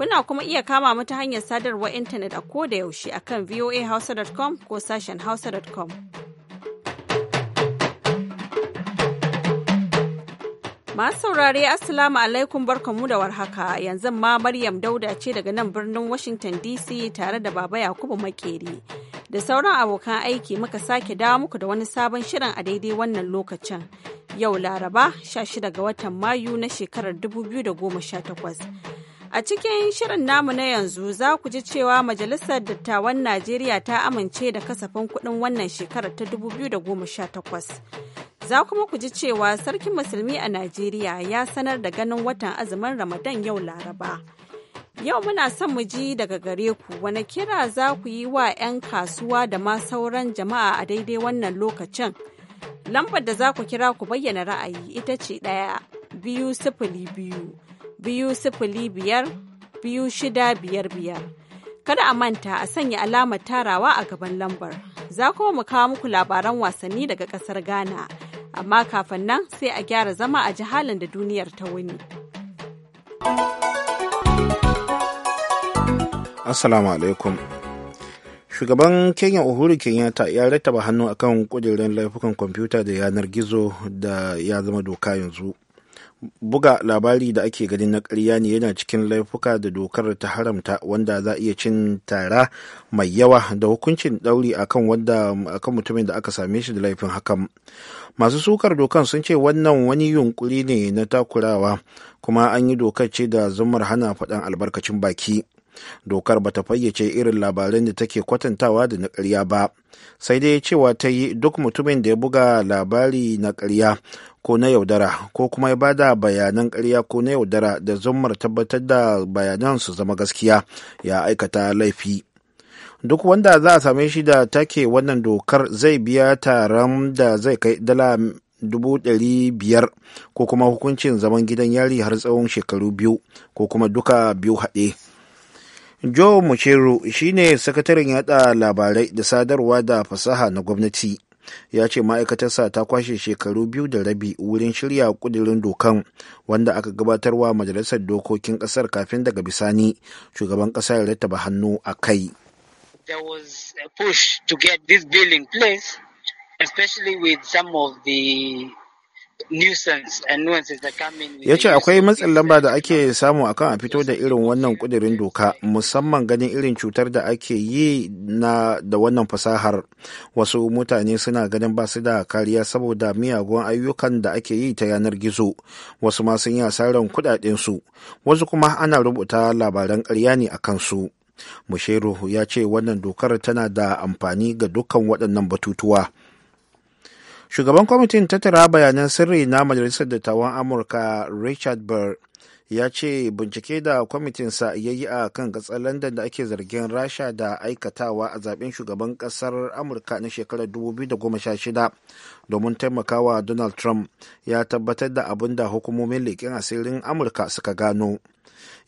Kuna kuma iya kama mata hanyar sadarwar intanet a ko da yaushe akan voahausa.com ko sashen hausa.com. Masu saurare Assalamu alaikum barkanmu da warhaka yanzu ma Maryam Dauda ce daga nan birnin Washington DC tare da Baba Yakubu Makeri da sauran abokan aiki muka sake dawo muku da wani sabon shirin a daidai wannan lokacin. Yau Laraba 16 ga watan Mayu na shekarar 2018. A cikin shirin namu na yanzu za ku ji cewa Majalisar Dattawan Najeriya ta amince da kasafin kuɗin wannan shekarar ta 2018. Za kuma ku ji cewa Sarkin Musulmi a Najeriya ya sanar da ganin watan azumin Ramadan yau Laraba. Yau muna son mu ji daga gare ku wani kira za ku yi wa 'yan kasuwa da ma sauran jama'a a daidai wannan lokacin. Lambar da za ku kira ku bayyana ra'ayi ita ce ɗaya biyu sifili biyu. biyu sifili biyar biyu shida biyar biyar. Kada a manta a sanya alamar tarawa a gaban lambar. Za kuma mu kawo muku labaran wasanni daga kasar Ghana. Amma kafin nan sai a gyara zama a jihalin da duniyar ta wuni. Assalamu alaikum. shugaban kenya uhuru kenyatta ya rattaba hannu akan kudirin laifukan kwamfuta da yanar gizo da ya zama doka yanzu buga labari da ake gani na ƙarya ne yana cikin laifuka da dokar ta haramta wanda za iya cin tara mai yawa da hukuncin ɗauri a kan mutumin da aka same shi da laifin hakan masu sukar dokan sun ce wannan wani yunkuri ne na takurawa kuma an yi dokar ce da zumar hana faɗan albarkacin baki dokar ba ta fayyace irin labaran da take kwatantawa da na ƙarya ba sai dai cewa ta yi duk mutumin da ya buga labari na ƙarya ko na yaudara ko kuma ya bada bayanan ƙarya ko na yaudara da zummar tabbatar da bayanan su zama gaskiya ya aikata laifi duk wanda za a same shi da take wannan dokar zai biya taron da zai kai dala biyar ko kuma hukuncin zaman gidan yari har tsawon shekaru biyu ko kuma duka biyu haɗe joe shi shine sakataren yada labarai da sadarwa da fasaha na gwamnati ya ce ma'aikatarsa ta kwashe shekaru biyu da rabi wurin shirya kudirin dokan wanda aka gabatarwa majalisar dokokin kasar kafin daga bisani shugaban kasa ya rattaba hannu a kai there a push to this bill place especially with some of the ya ce akwai matsin lamba da ake samu akan a fito da irin wannan kudirin doka musamman ganin irin cutar da ake yi na da wannan fasahar wasu mutane suna ganin ba su da kariya saboda miyagun ayyukan da ake yi ta yanar gizo wasu ma sun yi asarar su, wasu kuma ana rubuta labaran karya ne a kansu musheru ya ce wannan dokar tana da amfani ga dukkan waɗannan batutuwa shugaban kwamitin tattara bayanan sirri na majalisar dattawan amurka richard burr ya ce bincike da kwamitinsa ya yi a kan gatsa london da ake zargin rasha da aikatawa a zaben shugaban kasar amurka na shekarar 2016 domin taimakawa donald trump ya tabbatar da abin da hukumomin leƙen asirin amurka suka gano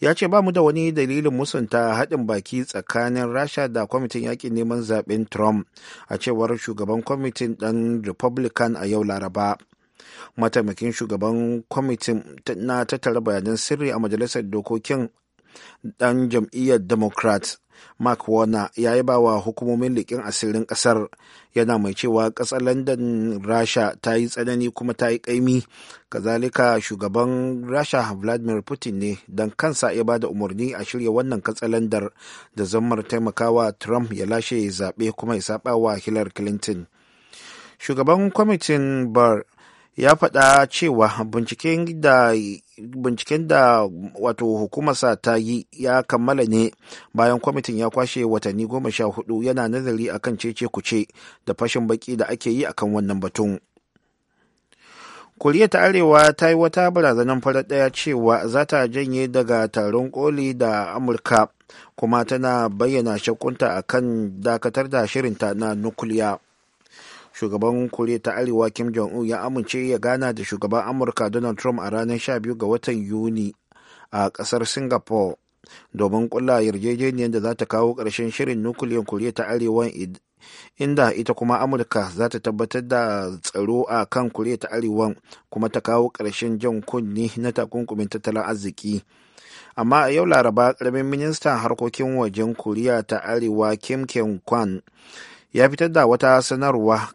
ya ce ba mu da wani dalilin musunta haɗin baki tsakanin rasha da kwamitin yakin neman zaɓen trump a cewar shugaban kwamitin ɗan republican a yau laraba mataimakin shugaban kwamitin na tattara bayanan sirri a majalisar dokokin ɗan jam'iyyar democrat mark warner ya yi bawa hukumomin likin asirin ƙasar yana mai cewa ƙasar london rasha ta yi tsanani kuma ta yi ƙaimi kazalika shugaban rasha vladimir putin ne don kansa ya ba da umarni a shirya wannan katsalandar da zammar taimakawa trump ya lashe zaɓe kuma ya saɓa wa hillary clinton shugaban kwamitin bar ya faɗa cewa binciken da wato hukumarsa ta yi ya kammala ne bayan kwamitin ya kwashe watanni goma sha hudu yana nazari akan cece kuce da fashin baki da ake yi akan wannan batun koriya ta arewa ta yi wata barazanar farar daya cewa za ta janye daga taron koli da amurka kuma tana bayyana shakunta akan dakatar da shirinta na nukuliya. shugaban koriya ta arewa kim jong-un ya amince ya gana da shugaban amurka donald trump a ranar 12 ga watan yuni a kasar singapore domin kula yarjejeniyar da za ta kawo karshen shirin nukiliyar koriya ta arewa inda ita kuma amurka za ta tabbatar da tsaro a kan koriya ta arewa kuma ta kawo karshen jan kunni na takunkumin tattalin arziki amma a yau laraba ƙaramin ministan harkokin wajen koriya ta arewa kim kwan ya fitar da wata sanarwa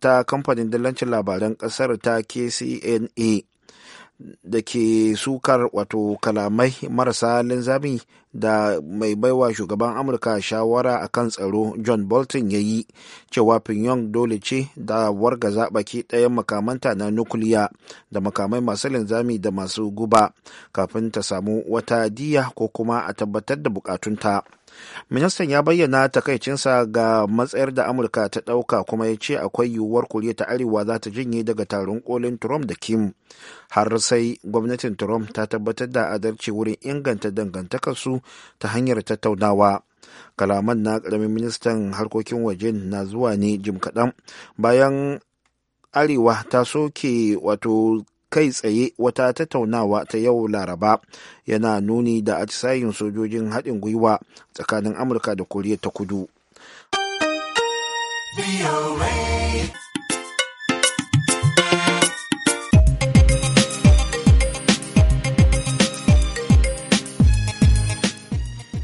ta kamfanin dillancin labaran kasar ta kcna da ke sukar wato kalamai marasa linzami da mai baiwa shugaban amurka shawara a kan tsaro john bolton ya yi cewa pyongyang dole ce da warga zaɓaki ɗayan makamanta na nukuliya da makamai masu linzami da masu guba kafin ta samu wata diya ko kuma a tabbatar da bukatunta. ministan ya bayyana takaicinsa ga matsayar da amurka ta ɗauka kuma ya ce akwai yiwuwar koriya ta arewa za ta jinye daga taron kolin trump da kim har sai gwamnatin trump ta tabbatar da adalci wurin inganta dangantakarsu ta hanyar tattaunawa kalaman na ƙaramin ministan harkokin waje na zuwa ne jim kaɗan bayan arewa ta soke wato kai tsaye wata tattaunawa ta yau laraba yana nuni da atisayin sojojin haɗin gwiwa tsakanin amurka da koriya ta kudu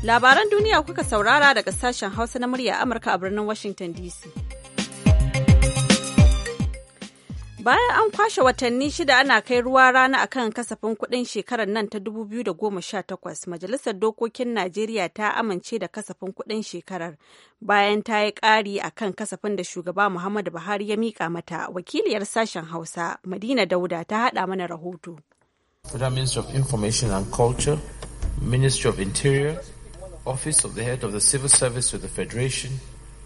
labaran duniya kuka saurara daga sashen hausa na murya amurka a birnin washington dc Bayan an kwashe watanni shida ana kai ruwa rana akan kasafin kuɗin shekarar nan ta 2018, Majalisar Dokokin Najeriya ta amince da kasafin kuɗin shekarar bayan ta yi ƙari kan kasafin da shugaba Muhammadu Buhari ya miƙa mata. Wakiliyar sashen Hausa, Madina Dauda, ta haɗa mana rahoto. Federal Ministry of Information and Culture, Ministry of Interior, Office of the Head of the Civil Service of the Federation,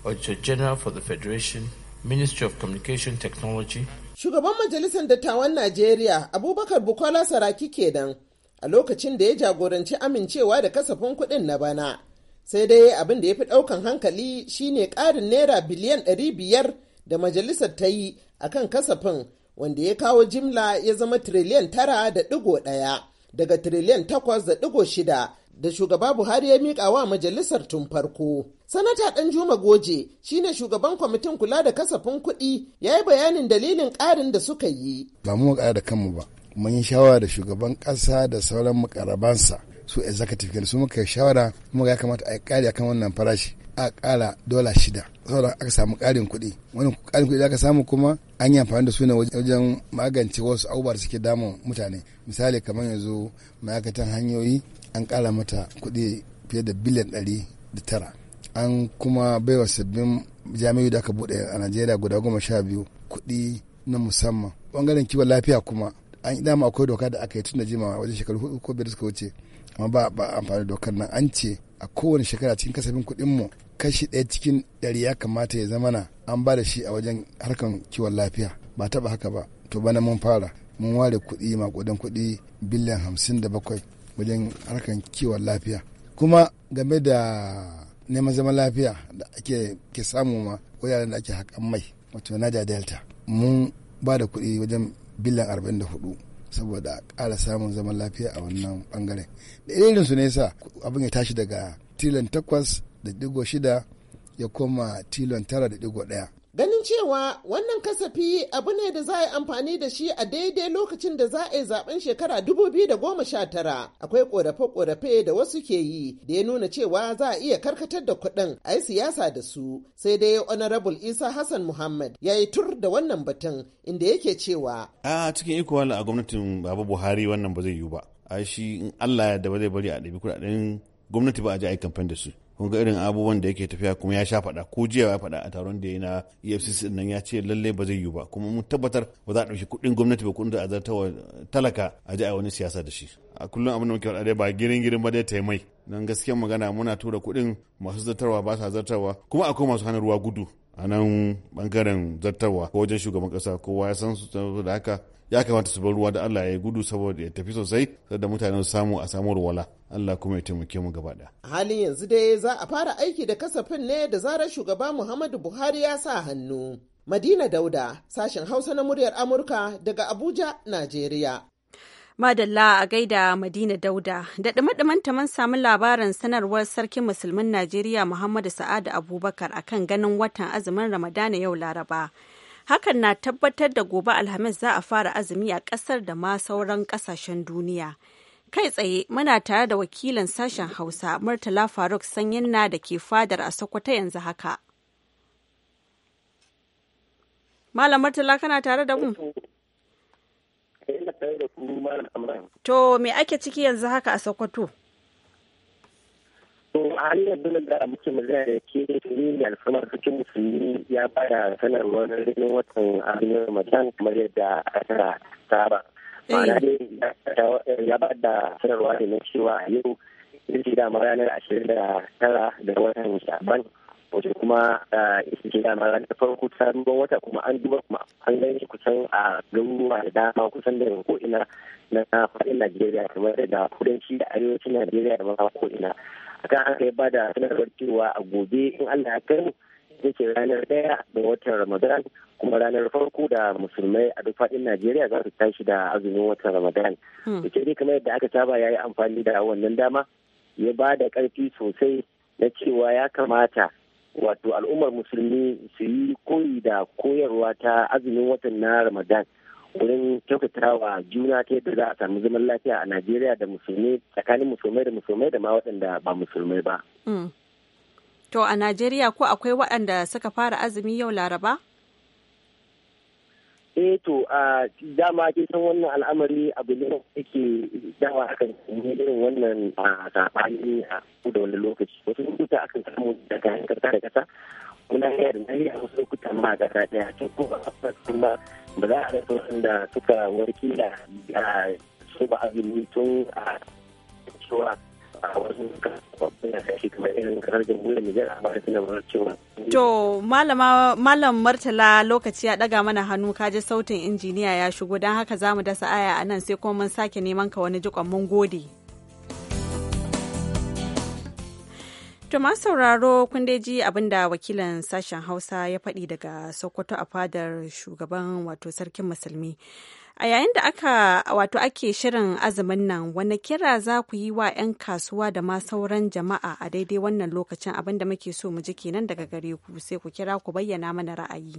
Auditor General for the Federation, Ministry of Communication Technology, Shugaban Majalisar Dattawan Najeriya Abubakar Bukola Saraki kenan a lokacin da ya jagoranci amincewa da kasafin kuɗin na bana. Sai dai abin da ya fi ɗaukan hankali shine ƙarin naira biliyan ɗari biyar da majalisar ta yi a kan kasafin wanda ya kawo jimla ya zama tiriliyan tara da ɗigo ɗaya daga tiriliyan takwas da ɗigo shida da shugaba Buhari ya miƙa wa majalisar tun farko. Sanata Ɗanjuma Goje shine shugaban kwamitin kula da kasafin kuɗi ya yi bayanin dalilin ƙarin da suka yi. Ba mu ƙara da kanmu ba, mun yi shawara da shugaban ƙasa da sauran mukarabansa su executive su muka shawara kuma ya kamata a ƙari akan wannan farashi a ƙara dola shida saboda aka samu ƙarin kuɗi wani ƙarin kuɗi da aka samu kuma an yi amfani da su ne wajen magance wasu abubuwa da suke damun mutane misali kamar yanzu ma'aikatan hanyoyi an ƙara mata kuɗi fiye da biliyan ɗari da tara an kuma baiwa sabbin jami'u da aka buɗe a najeriya guda goma sha biyu kuɗi na musamman ɓangaren kiwon lafiya kuma an yi dama akwai doka da aka yi tun da jimawa wajen shekaru hudu ko biyar suka wuce amma ba ba amfani da dokar nan an ce a kowane shekara cikin kasafin kuɗin kashi ɗaya cikin ɗari ya kamata ya zamana an ba da shi a wajen harkan kiwon lafiya ba taɓa haka ba to bana mun fara mun ware kuɗi maƙudan kuɗi biliyan hamsin da bakwai wajen harkan kiwon lafiya kuma game da neman zaman lafiya da ake ke samu ma wuraren da ake haƙan mai wato naja delta mun ba da kuɗi wajen biliyan arba'in da hudu saboda ƙara samun zaman lafiya a wannan ɓangaren da irin su ne sa abin ya tashi daga tilan takwas 6.6 ya koma tilon 9.1 ganin cewa wannan kasafi abu ne da za a yi amfani da shi a daidai lokacin da za a yi zaben shekara 2019 akwai korafe-korafe da wasu ke yi da ya nuna cewa za a iya karkatar da kuɗin a yi siyasa da su sai dai honorable isa hassan muhammad ya yi tur da wannan batun inda yake cewa a cikin iko a gwamnatin babu buhari wannan ba zai yiwu ba a shi in allah ya da ba zai bari a ɗabi kuɗaɗen gwamnati ba a ji a yi kamfen da su kun ga irin abubuwan da yake tafiya kuma ya sha faɗa ko jiya ya faɗa a taron da ya na efcc nan ya ce lallai ba zai yiwu ba kuma mun tabbatar ba za a ɗauki kuɗin gwamnati ba kuɗin da a zartawa talaka a ji a wani siyasa da shi a kullum abin da muke faɗa ba girin girin ba dai taimai don gaskiyar magana muna tura kuɗin masu zartarwa ba sa zartarwa kuma akwai masu hana ruwa gudu a nan bangaren zartarwa ko wajen shugaban kasa kowa ya san su da haka ya kamata su bar ruwa da Allah ya yi gudu saboda ya tafi sosai da mutane su samu a samu wala, Allah kuma ya taimake mu gaba daya halin yanzu dai za a fara aiki da kasafin ne da zarar shugaba Muhammadu Buhari ya sa hannu Madina Dauda sashen Hausa na muryar Amurka daga Abuja Najeriya Madalla a gaida Madina Dauda da ɗumaɗuman ta man samu labarin sanarwar sarkin musulmin Najeriya Muhammadu Sa'adu Abubakar akan ganin watan azumin Ramadana yau Laraba. hakan na tabbatar da gobe alhamis za a fara azumi a ƙasar da ma sauran ƙasashen duniya kai tsaye muna tare da wakilin sashen hausa murtala faruk na da ke fadar a sokoto yanzu haka malam murtala kana tare da mu to me ake ciki yanzu haka a sokoto to a halin yanzu da muke magana da ke ne da alfarmar cikin musulmi ya bada sanarwar rinin watan azumin ramadan kamar yadda a tara ba eh. ma'ana dai ya bada sanarwa ne na cewa a yau ce dama ranar ashirin da tara da watan shaban wace kuma isi ce dama ranar farko ta duba wata kuma an duba kuma an gan shi kusan a garuruwa da dama kusan da ko ina na faɗin najeriya kamar da kudanci da arewacin najeriya da ma ko ina akan yi ya da sanarwar cewa a gobe in Allah ya kai ita ranar daya da watan Ramadan kuma ranar farko da musulmai a duk faɗin Najeriya za su tashi da azumin watan Ramadan. Da hmm. ke dai kamar yadda aka saba ya yi amfani da wannan dama ya ba da ƙarfi sosai na cewa ya kamata wato al'ummar musulmi su yi koyi da koyarwa ta azumin watan na Ramadan. wurin kyautatawa juna ta yadda za a samu zaman lafiya a najeriya da musulmi tsakanin musulmai da musulmai da ma waɗanda ba musulmai ba mm. to a najeriya ko akwai waɗanda suka fara azumi yau laraba eh to a dama ke san wannan al'amari abu ne da yake dawa akan ne irin wannan a sabani a wani lokaci wasu lokuta akan samu daga kasa da kasa kuna iya da nayi a wasu lokutan ma ga daya to ko ba a ba ba za a rasa wanda suka warki da su ba azumi tun a cewa a wasu kamar irin kasar jamhuriyar Nijar a da suna cewa. To malam martala lokaci ya ɗaga mana hannu ka sautin injiniya ya shigo don haka za mu dasa aya a nan sai kuma mun sake neman ka wani jikon mun gode. To masu sauraro kun dai ji abinda wakilan sashen Hausa ya faɗi daga Sokoto a fadar shugaban wato sarkin musulmi. A yayin da aka wato ake shirin azumin nan wani kira za ku yi wa 'yan kasuwa da ma sauran jama'a a daidai wannan lokacin abinda muke so mu ji kenan daga gare ku sai ku kira ku bayyana mana ra'ayi.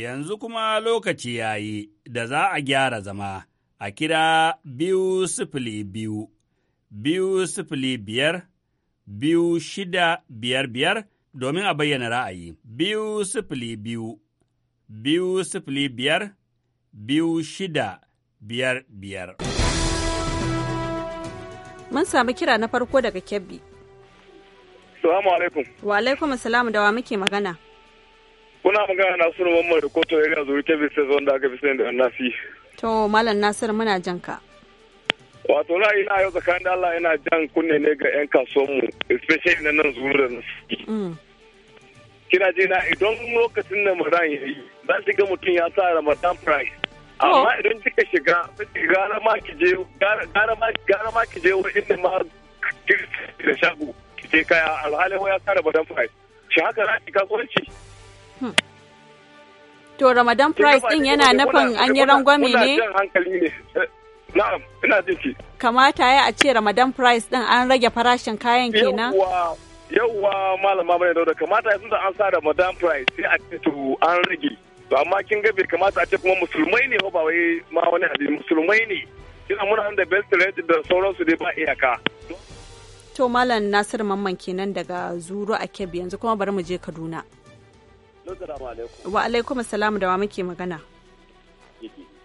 Yanzu kuma lokaci ya yi. da za a gyara zama a kira biyu sifili biyu, biyu sifili biyar, biyu shida biyar biyar domin a bayyana ra'ayi. Biyu sifili biyu, biyu sifili biyar, biyu shida biyar biyar. Mun sami kira na farko daga Kebbi. Salamu alaikum. Wa alaikum salamu da wa muke magana. Kuna magana na suna mamman rikoto ya area zuri bi state da aka fi sani da nasi. To Malam Nasir muna jan ka. Wato na ina yau tsakanin Allah yana jan kunne ne ga 'yan kasuwanmu especially na nan zuwa da nasi. Mm. Kina ji na idan lokacin da Ramadan ya yi za su ga mutum ya sa Ramadan price. Amma idan kika shiga gara ma ki je gara ma gara ma ki je ma da shago ki je kaya alhalin ya sa Ramadan price. Shi haka za ki kasuwanci. To Ramadan price din yana nufin an yi rangwame ne? Eh, na'am, ina jin ki. Kamata ya a ce Ramadan price din an rage farashin kayan kenan? Yawwa, malama bane da kamata ya da an sa Ramadan price sai a ce to an rage. To amma kin ga bai kamata a ce kuma musulmai ne ko ba wai ma wani hadin musulmai ne. Kina muna da best rate da sauransu dai ba iyaka. To Malam Nasiru Mamman kenan daga Zuru a Kebbi yanzu kuma bari mu je Kaduna. Wa alaikum assalamu da wa muke magana.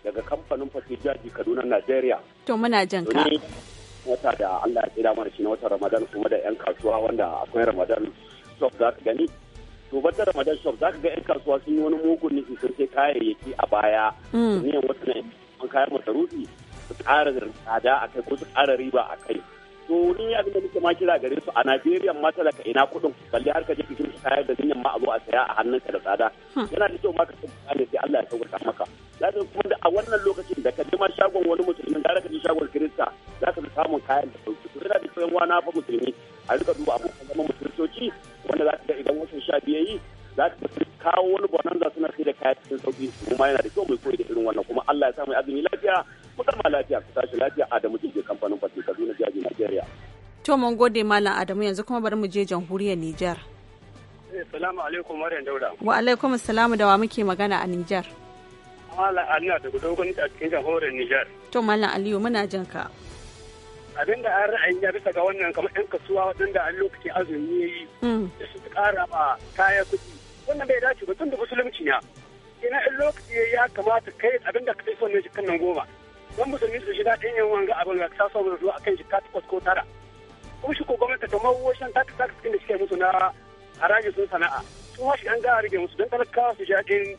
Daga kamfanin fasijaji Kaduna Najeriya. To muna jan ka. wata da Allah ya tsira mana shi na watan Ramadan kuma da 'yan kasuwa wanda akwai Ramadan shop za ka gani. To bata Ramadan shop za ka ga 'yan kasuwa sun yi wani mugun nufi sun sai kayayyaki a baya. Niyan mm. wasu na kayan masarufi su ƙara tsada a kai ko su ƙara riba a kai. to ni ya da nake ma kira gare su a Najeriya ma talaka ina kuɗin balle har ka je cikin kaya da dinnan ma a zo a saya a ka da tsada hmm. yana da kyau ma ka san ne sai Allah ya sauƙaƙa maka zaka kuma da a wannan lokacin da ka je ma shagon wani musulmi da ka je shagon Kirista za ka samun kayan da sauki to yana da kyau yan wani fa musulmi To mun gode Malam Adamu yanzu kuma bari mu je jamhuriyar Nijar. Eh, salamu alaikum Maryam Dauda. Wa alaikum salamu da wa muke magana a Nijar. Malam Aliyu da gudogon a cikin jamhuriyar Nijar. To Malam Aliyu muna jin ka. Abin da an ra'ayi ya bisa ga wannan kamar ɗan kasuwa wadanda a lokacin azumi ya yi. Hmm. Da su ƙara ma kaya kuɗi. Wannan bai dace ba tun da musulunci na. Ina in lokaci ya ya kamata kai abin da ka fi son ne jikan nan goma. Don musulmi su shiga ɗin yin wanga abin da ka sa saboda zuwa akan jikka takwas ko tara. kuma shi ko gwamnati kamar wajen ta ta cikin da suke musu na haraji sun sana'a sun washe an ga rage musu don talakawa su sha ɗin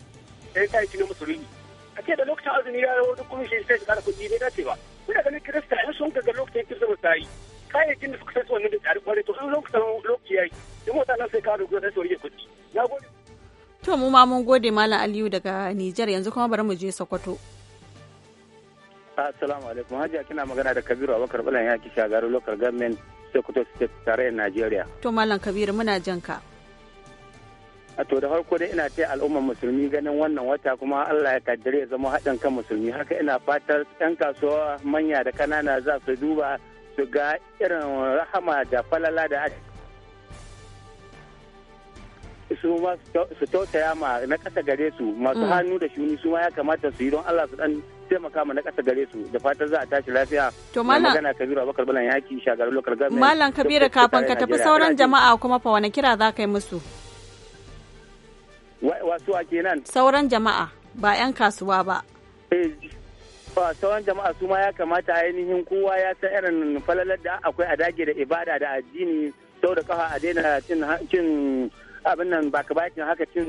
ɗan kayayyaki na musulmi a ce da lokacin azumi ya rawo duk shi sai su kara kuɗi bai dace ba kuna ganin kirista in sun ga lokacin kirista ba ta yi kayayyakin da suka sai su wannan da tsari kwarai to in lokacin lokaci ya yi in wata nan sai kawo da gudanar su rage kuɗi na gode. to mu ma mun gode malam aliyu daga nijar yanzu kuma bari mu je sokoto. Assalamu alaikum kina magana da Kabiru Abubakar Bulan yaki shagaru local government Sokoto State tarayyar Najeriya. To Mallam Kabiru muna jan A to da farko dai ina ta al'ummar musulmi ganin wannan wata kuma Allah ya kaddare ya zama haɗin kan musulmi haka ina fatar 'yan kasuwa manya da kanana za su duba su ga irin rahama da falala da ake su ma su tausaya ma na ƙasa gare su masu mm. hannu da shuni su ma ya kamata su yi don Allah su dan taimaka ma na ƙasa gare su da fatan za a tashi lafiya to malam magana Kabiru Abubakar Balan yaki shagarar local government malam Kabiru kafin ka tafi sauran jama'a kuma fa wani kira za ka yi musu wasu a kenan sauran jama'a ba 'yan kasuwa ba eh, ba sauran jama'a su ma ya kamata ainihin kowa ya san irin falalar da akwai a dage da ibada da addini sau da kafa a daina cin abin nan ba ka bakin haka cin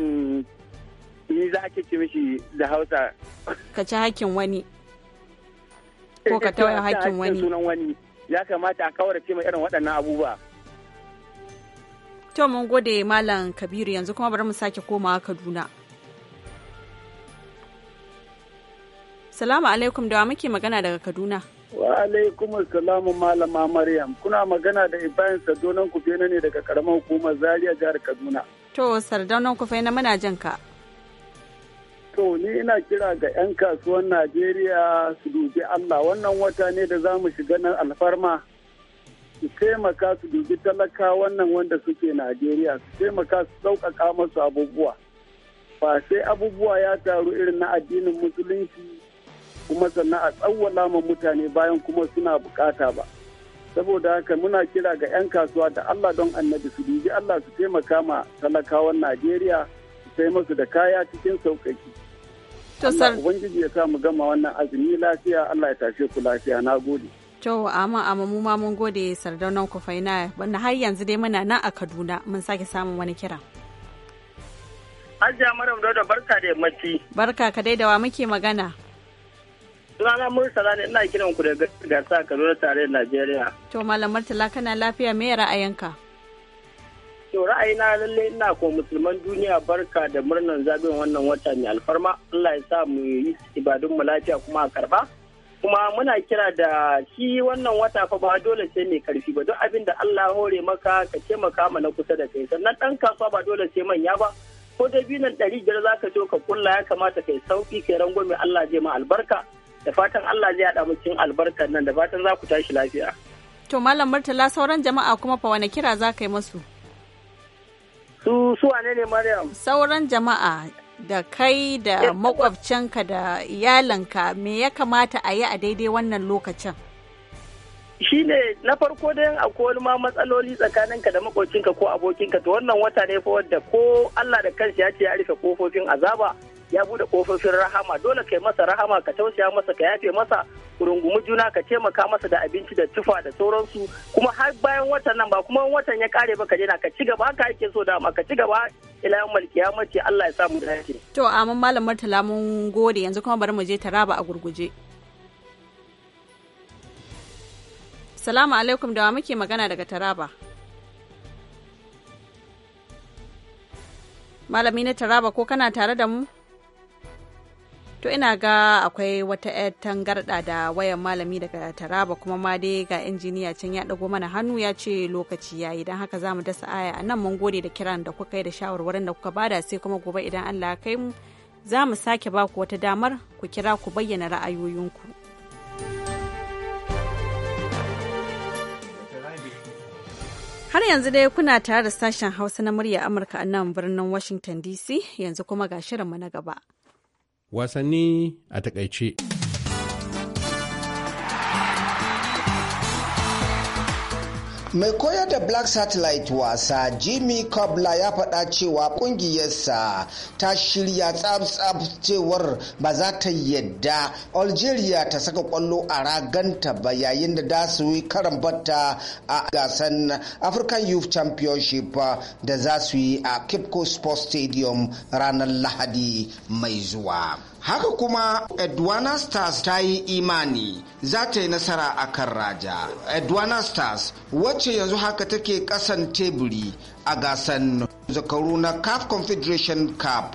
ni za ake ci mishi da hausa ka ci hakin wani eh, ko ka tawaye hakin wani sunan wani ya kamata a kawarce mai irin waɗannan abubuwa to mun gode malam kabiru yanzu kuma bari mu sake komawa kaduna salamu alaikum da muke magana daga kaduna Wa alaikum malama Maryam. Kuna magana da Ibrahim ku fena ne daga karamar hukumar Zaria jihar Kaduna. To ku fena muna jin ka. To ni ina kira ga 'yan kasuwan Najeriya su dubi Allah wannan wata ne da za mu shiga nan alfarma. Su taimaka su dubi talaka wannan wanda suke Najeriya su taimaka su sauƙaƙa masu abubuwa. Ba sai abubuwa ya taru irin na addinin Musulunci kuma sannan a tsawwala ma mutane bayan kuma suna bukata ba saboda haka muna kira ga 'yan kasuwa da Allah don annabi su dubi Allah su taimaka ma talakawan Najeriya su sai masu da kaya cikin sauƙaƙi. Allah Ubangiji ya sa mu gama wannan azumi lafiya Allah ya tashe ku lafiya na gode. To amma amma mu ma mun gode sardaunan ku faina wanda har yanzu dai muna nan a Kaduna mun sake samun wani kira. Hajiya Maram da barka da yammaci. Barka ka dai da wa muke magana. sunana Murtala ne ina kiran ku daga gasa Kaduna tare da Najeriya. To Malam Murtala kana lafiya me ra'ayinka? To ra'ayina lalle ina ko musulman duniya barka da murnan zaben wannan wata mai alfarma Allah ya sa mu yi ibadun mu lafiya kuma a karba. Kuma muna kira da shi wannan wata fa ba dole sai mai karfi ba don abin da Allah hore maka ka taimaka ma na kusa da kai sannan ɗan kasuwa ba dole sai manya ba ko dabinan ɗari biyar za ka zo ka kulla ya kamata kai sauki kai rangwame Allah zai ma albarka. da fatan Allah zai haɗa cikin albarkar nan da fatan za ku tashi lafiya. To Malam Murtala sauran jama'a kuma fa wani kira za ka yi masu? Su su wane ne Maryam? Sauran jama'a da kai da eh, makwabcinka da iyalanka me ya kamata a yi a daidai wannan lokacin? Shi ne na farko da yin akwai wani ma matsaloli tsakaninka da makwabcinka ko abokinka to wannan wata ne fa wadda ko Allah da kansa ya ce ya rufe kofofin azaba ya bude kofofin rahama dole kai masa rahama ka tausaya masa ka yafe masa rungumi juna ka taimaka masa da abinci da tufa da sauransu kuma har bayan watan nan ba kuma watan ya kare ba ka daina ka ci gaba haka ake so dama ka ci gaba ila yawan mace Allah ya samu da yake to amma malam Murtala mun gode yanzu kuma bari mu je Taraba a gurguje Salamu alaikum da wa muke magana daga Taraba. Malami na Taraba ko kana tare da mu? to ina ga akwai wata 'yar tangarɗa da wayan malami daga taraba kuma ma dai ga injiniya can ya ɗago mana hannu ya ce lokaci ya yi don haka za mu dasa aya a nan mun gode da kiran da kuka yi da shawarwarin da kuka bada sai kuma gobe idan allah kai mu za mu sake ba ku wata damar ku kira ku bayyana ra'ayoyinku Har yanzu dai kuna tare da sashen Hausa na murya Amurka a nan birnin Washington DC yanzu kuma ga shirinmu na gaba. wasanni a takaice. Mai koyar da Black Satellite wasa Jimmy Kobla ya faɗa cewa ƙungiyarsa ta shirya tsab-tsab cewar ba za ta yadda Algeria ta saka ƙwallo a raganta ba yayin da da su yi karan batta a gasan African Youth Championship da za su yi a Kipco Sports Stadium ranar Lahadi mai zuwa. Haka kuma Edwana Stars ta yi imani za ta yi nasara a kan Raja. Edwana Stars wacce yanzu haka take kasan teburi a gasan zakaru na CAF Confederation Cup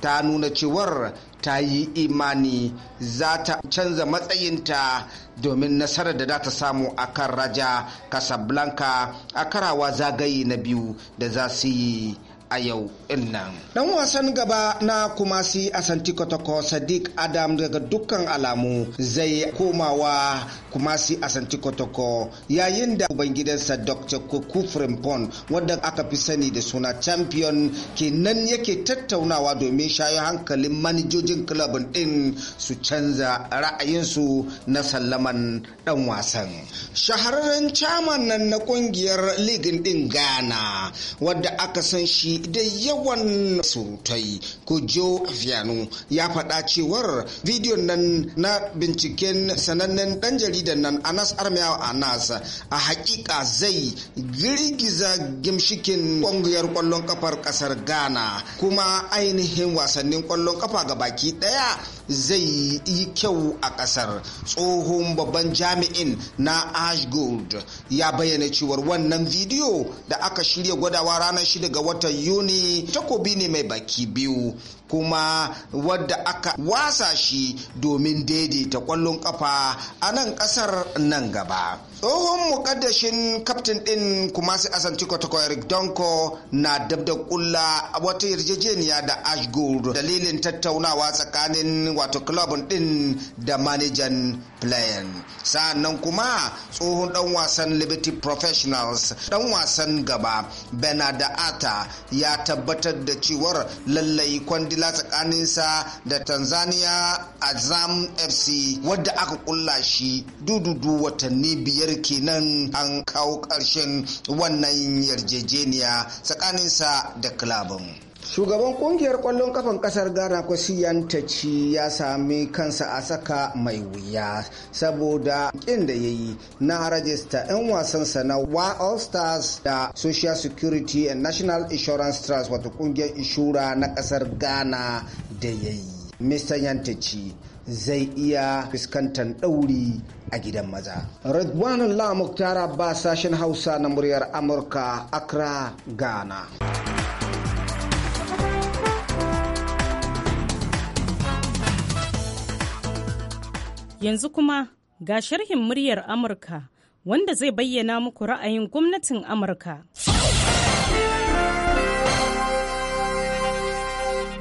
ta nuna cewar ta yi imani za ta canza matsayinta domin nasarar da za ta samu a kan Raja Casablanca a karawa zagaye na biyu da za su yi a yau nan. Dan wasan gaba na Kumasi Asanti Kotoko Sadiq Adam daga dukkan alamu zai komawa Kumasi Asanti Kotoko yayin da ubangidansa Dr. Kuku Frimpon wadda aka fi sani da suna champion ke nan yake tattaunawa domin shayo hankalin manijojin kulabin din su canza ra'ayinsu na sallaman dan wasan. Shahararren caman nan na kungiyar ligin din Ghana wadda aka san shi duk da yawan surutai ko joe aviano ya faɗa cewar bidiyon nan na binciken sanannen ɗan jaridan nan anas armiyawa anas a hakika zai girgiza gimshikin ƙungiyar ƙwallon ƙafar ƙasar ghana kuma ainihin wasannin ƙwallon ƙafa ga baki ɗaya zai yi kyau a kasar tsohon babban jami'in na ashgold ya bayyana cewar wannan bidiyo da aka shirya gwadawa ranar 6 ga watan yuni takobi ne mai baki biyu kuma wadda aka wasa shi domin daidaita kwallon kafa a nan kasar nan gaba tsohon mukaddashin kaftin din kuma kumasi asanti kwatakwa eric donko na dab da kulla wata yarjejeniya da ash dalilin tattaunawa tsakanin wato club din da manajan playan sa'annan kuma tsohon dan wasan liberty professionals dan wasan gaba bernard ata ya tabbatar da cewar lallai kwandila tsakanin sa da tanzania azam fc wadda aka kulla shi dududu watanni biyar kenan an kawo ƙarshen wannan yarjejeniya tsakaninsa da kilabin. shugaban kungiyar kwallon kafan kasar ghana kwasi ci ya sami kansa a saka mai wuya saboda kin da ya yi na rajista 'yan wasan na wa all stars da social security and national insurance trust wato kungiyar inshura na kasar ghana da ya yi mr yantaci zai iya fuskantar ɗauri a gidan maza. Lamuk tara ba sashen Hausa na muryar Amurka Accra, Ghana. Yanzu kuma ga sharhin muryar Amurka wanda zai bayyana muku ra'ayin gwamnatin Amurka.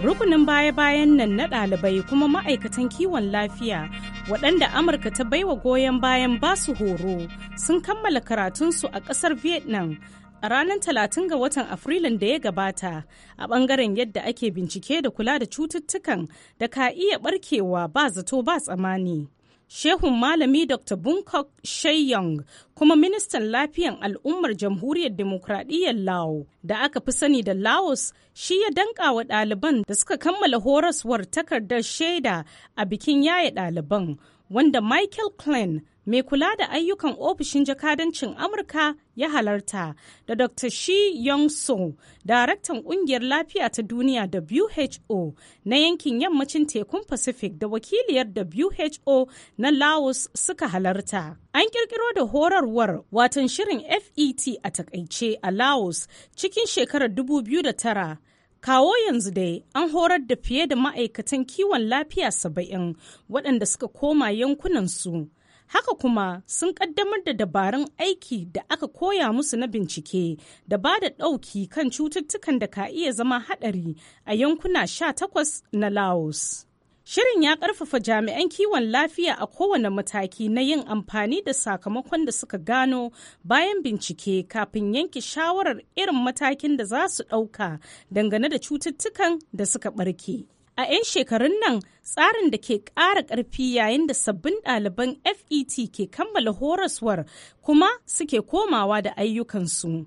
rukunin baya-bayan nan na ɗalibai kuma ma'aikatan kiwon lafiya waɗanda amurka ta baiwa goyon bayan basu horo sun kammala karatunsu a ƙasar vietnam a ranar talatin ga watan afrilun da ya gabata a ɓangaren yadda ake bincike da kula da cututtukan da ka iya ɓarkewa ba zato ba tsammani. shehun malami dr bunkok sheyong kuma ministan lafiyan al'ummar jamhuriyar demokradiyyar lao da aka fi sani da laos shi ya danka wa ɗaliban da suka kammala horaswar takardar shaida a bikin yaye ɗaliban wanda Michael Klein mai kula da ayyukan ofishin jakadancin Amurka ya halarta da Dr. Shi Yong So, daraktan kungiyar lafiya ta duniya WHO na yankin yammacin tekun Pacific da wakiliyar WHO na Laos suka halarta. An kirkiro da horarwar watan shirin FET a takaice a Laos cikin shekarar 2009. Kawo yanzu dai an horar da fiye da ma'aikatan kiwon lafiya saba'in waɗanda suka koma yankunansu. Haka kuma sun ƙaddamar da dabarun aiki da aka koya musu na bincike da ba da ɗauki kan cututtukan da ka iya zama haɗari a yankuna 18 na Laos. Shirin ya ƙarfafa jami'an kiwon lafiya a kowane mataki na yin amfani da sakamakon da suka gano bayan bincike kafin yanke shawarar irin matakin da za su ɗauka dangane da cututtukan da suka ɓarke. A 'yan shekarun nan tsarin da ke ƙara ƙarfi yayin da sabbin ɗaliban FET ke kammala horaswar kuma suke komawa da ayyukansu.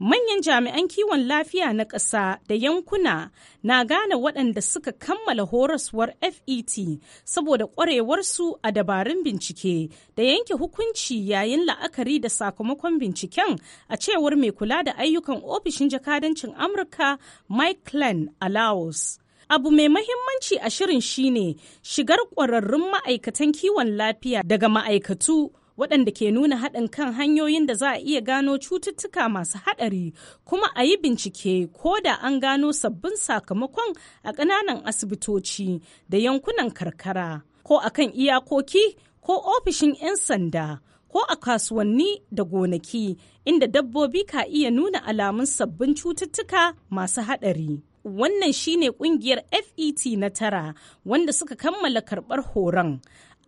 manyan jami'an kiwon lafiya na ƙasa da yankuna na gane waɗanda suka kammala horaswar fet saboda ƙwarewarsu a dabarun bincike da yanke hukunci yayin la'akari da sakamakon binciken a cewar mai kula da ayyukan ofishin jakadancin amurka mike a laos abu mai mahimmanci a shirin shine shigar ƙwararrun ma'aikatan kiwon lafiya daga ma'aikatu waɗanda ke nuna haɗin kan hanyoyin da za a iya gano cututtuka masu haɗari kuma a yi bincike ko da an gano sabbin sakamakon a ƙananan asibitoci da yankunan karkara ko a kan iyakoki ko ofishin 'yan sanda ko a kasuwanni da gonaki inda dabbobi ka iya nuna alamun sabbin cututtuka masu haɗari. Wannan shine ƙungiyar FET na tara wanda suka kammala karɓar horon.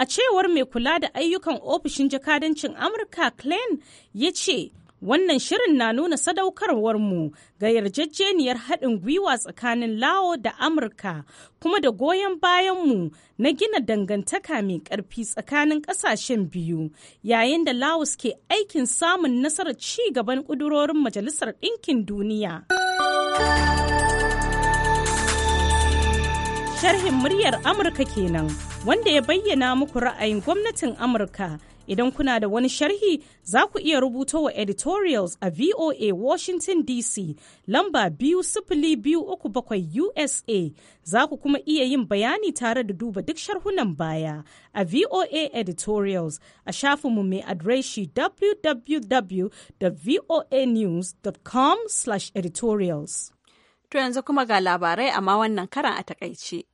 A cewar mai kula da ayyukan ofishin jakadancin Amurka Klein ya ce, Wannan shirin na nuna sadaukarwar mu ga yarjejeniyar haɗin gwiwa tsakanin Lao da Amurka kuma da goyon bayan mu na gina dangantaka mai ƙarfi tsakanin ƙasashen biyu yayin da Laos ke aikin samun nasarar ci gaban ƙudurorin Majalisar Ɗinkin Duniya. sharhin muryar Amurka kenan wanda ya bayyana muku ra'ayin gwamnatin Amurka. Idan kuna da wani sharhi za ku iya rubuto wa editorials a VOA Washington DC lamba biyu biyu uku bakwai USA za ku kuma iya yin bayani tare da duba duk sharhunan baya a VOA editorials a shafinmu mai adreshi www.voanews.com/editorials. To yanzu kuma ga labarai amma wannan karan a takaice.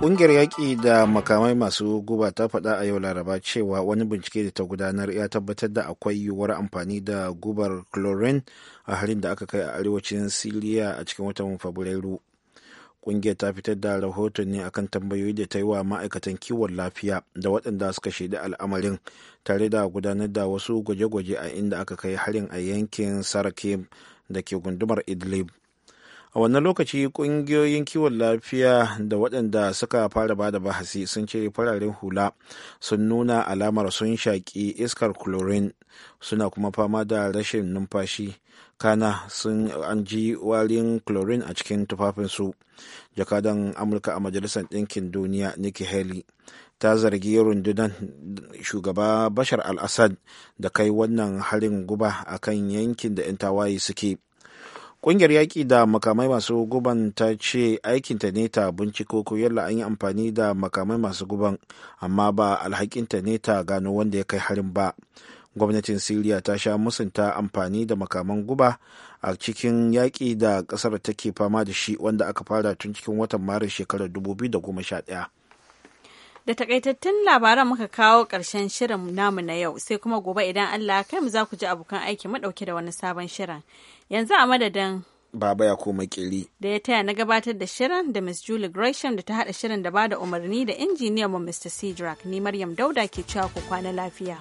Ƙungiyar yaƙi da makamai masu guba ta faɗa a yau laraba cewa wani bincike da ta gudanar ya tabbatar da akwai yiwuwar amfani da gubar chlorine a harin da aka kai a arewacin siriya a cikin watan fabrairu ƙungiyar ta fitar da rahoton ne akan tambayoyi da ta yi wa ma'aikatan kiwon lafiya da waɗanda suka shaidi al'amarin tare da gudanar da wasu gwaje-gwaje a inda aka kai harin a yankin sarakim da ke gundumar idlib a wannan lokaci kungiyoyin kiwon lafiya da waɗanda suka fara ba da bahasi sun ce fararen hula sun nuna alamar sun shaƙi iskar chlorine suna kuma fama da rashin numfashi kana sun an ji warin chlorine a cikin tufafinsu jakadan amurka a majalisar ɗinkin duniya nikki haley ta zargi rundunar shugaba bashar al-assad da kai wannan harin guba a kan yankin da 'yan tawaye suke kungiyar yaƙi da makamai masu guban ta ce aikinta ne ta binciko ko yalla an yi amfani da makamai masu guban amma ba alhakinta ne ta gano wanda ya kai harin ba. Gwamnatin Siriya ta sha musunta amfani da makaman guba a cikin yaƙi da ƙasar take fama da shi wanda aka fara tun cikin watan Maris shekarar 2011. da takaitattun labaran muka kawo ƙarshen shirin namu na yau sai kuma gobe idan Allah kai mu za ku ji abokan aiki mu ɗauke da wani sabon shirin Yanzu a madadin Baba ya koma kiri. Da ya taya na gabatar da shirin da Miss Julie Gresham da ta haɗa shirin da bada umarni da injiniyan mu Mr. Cedric ni Maryam Dauda ke cewa ku kwana lafiya.